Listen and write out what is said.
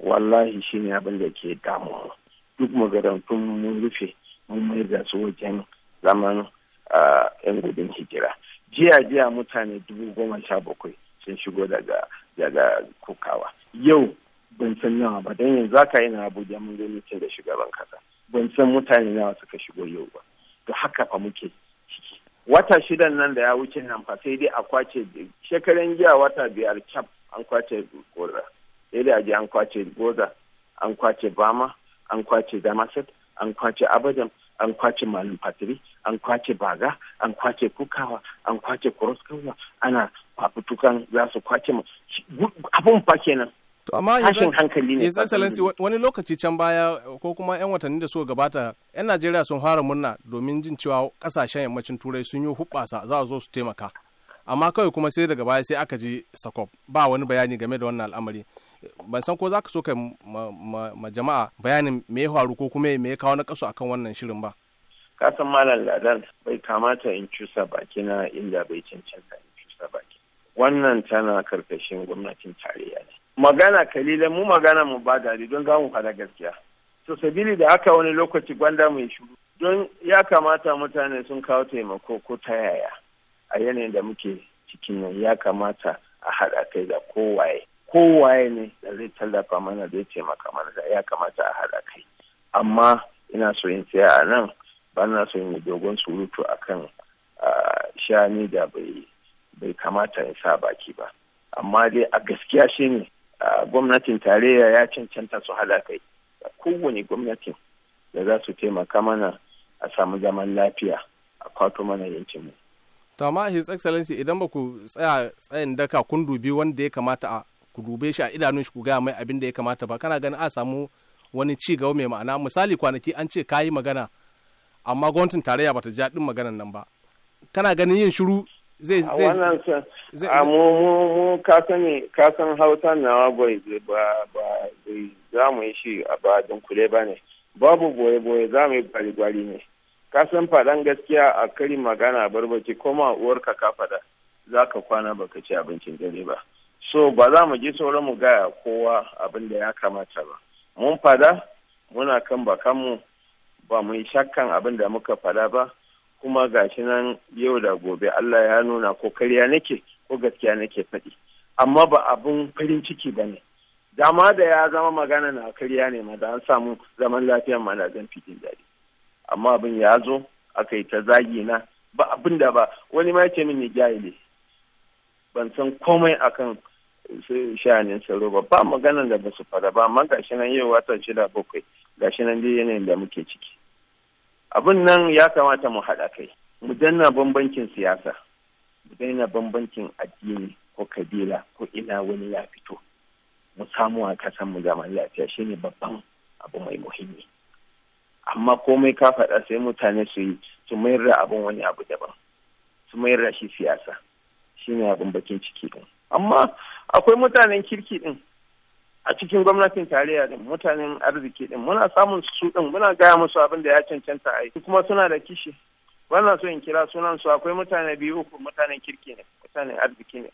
wallahi shine abin da ke damu duk makarantun mun rufe mun mai da su wajen zaman yan gudun hijira jiya jiya mutane dubu goma sha bakwai sun shigo daga daga kokawa yau ban san nawa ba don yanzu haka yana abuja mun zo mutum da shugaban kasa ban san mutane nawa suka shigo yau ba to haka fa muke ciki wata shidan nan da ya wuce nan fa sai dai a kwace shekaran jiya wata biyar cap an kwace gora gidaje an kwace goza an kwace bama an kwace damaset an kwace abajam an kwace malin fatiri an kwace baga an kwace kukawa an kwace kuroskawa ana fafutukan za su kwace abun fa kenan To amma Excellency wani lokaci can baya ko kuma 'yan watanni da suka gabata 'yan Najeriya sun fara murna domin jin cewa kasashen yammacin turai sun yi hubbasa za a zo su taimaka. Amma kawai kuma sai daga baya sai aka ji sakop ba wani bayani game da wannan al'amari. ban san ko za ka so ka ma jama'a bayanin me ya faru ko kuma me ya kawo na kasu akan wannan shirin ba kasan malam ladan bai kamata in cusa baki na inda bai cancanta in cusa baki wannan tana karkashin gwamnatin tarayya ne magana kalilan mu magana mu ba dadi don za mu gaskiya to sabili da haka wani lokaci gwanda mai shuru don ya kamata mutane sun kawo taimako ko ta yaya a yanayin da muke cikin nan ya kamata a haɗa kai da kowaye kowaye ne da zai tallafa mana zai taimaka mana da ya kamata a haɗa kai amma ina so in tsaya a nan ba na so in dogon surutu akan shani da bai kamata ya sa baki ba amma dai a gaskiya shi ne gwamnatin tarayya ya cancanta su haɗa kai kowane gwamnatin da za su taimaka mana a samu zaman lafiya a kwato mana yankinmu. To amma His Excellency idan ba ku tsaya tsayin daka kun dubi wanda ya kamata a ku dube shi a idanun shi ku gaya mai abin da ya kamata ba kana ganin a samu wani ci gaba mai ma'ana misali kwanaki an ce kayi magana amma gwamnatin tarayya bata ji din maganan nan ba kana ganin yin shiru zai zai wannan a mu mu mu ka sani ka san hausa nawa bai ba ba za mu yi shi a ba dunkule ba ne babu boye boye za mu yi gwari gwari ne ka san faɗan gaskiya a kari magana barbaci koma uwarka ka faɗa za ka kwana baka ci abincin dare ba so ba za mu ji sauran mu gaya kowa abin da ya kamata ba mun fada muna kan bakanmu ba mu yi shakkan abin da muka fada ba kuma gashi nan yau da gobe Allah ya nuna ko kariya nake ko gaskiya nake faɗi amma ba abin farin ciki ba ne dama da ya zama magana na kariya ne ma da an samu zaman lafiyar mana zan fitin daɗi amma abin ya zo aka yi ta zagi na ba abin da ba wani ma ya ce min jahili ban san komai akan sha'anin tsaro ba ba maganan da ba su fara ba amma gashi nan yau watan shida bakwai gashi nan dai yanayin da muke ciki abin nan ya kamata mu haɗa kai mu danna bambancin siyasa mu danna bambancin addini ko kabila ko ina wani ya fito mu samu a kasan mu zaman lafiya shine babban abu mai muhimmi amma komai ka faɗa sai mutane su yi su mayar da abin wani abu daban su mayar da shi siyasa shine abin bakin ciki ɗin amma akwai mutanen kirki din a cikin gwamnatin tarayya din mutanen arziki din muna samun su din muna gaya musu abin da ya cancanta a yi kuma suna da kishi wannan so in kira sunan su akwai mutane biyu uku mutanen kirki ne mutanen arziki ne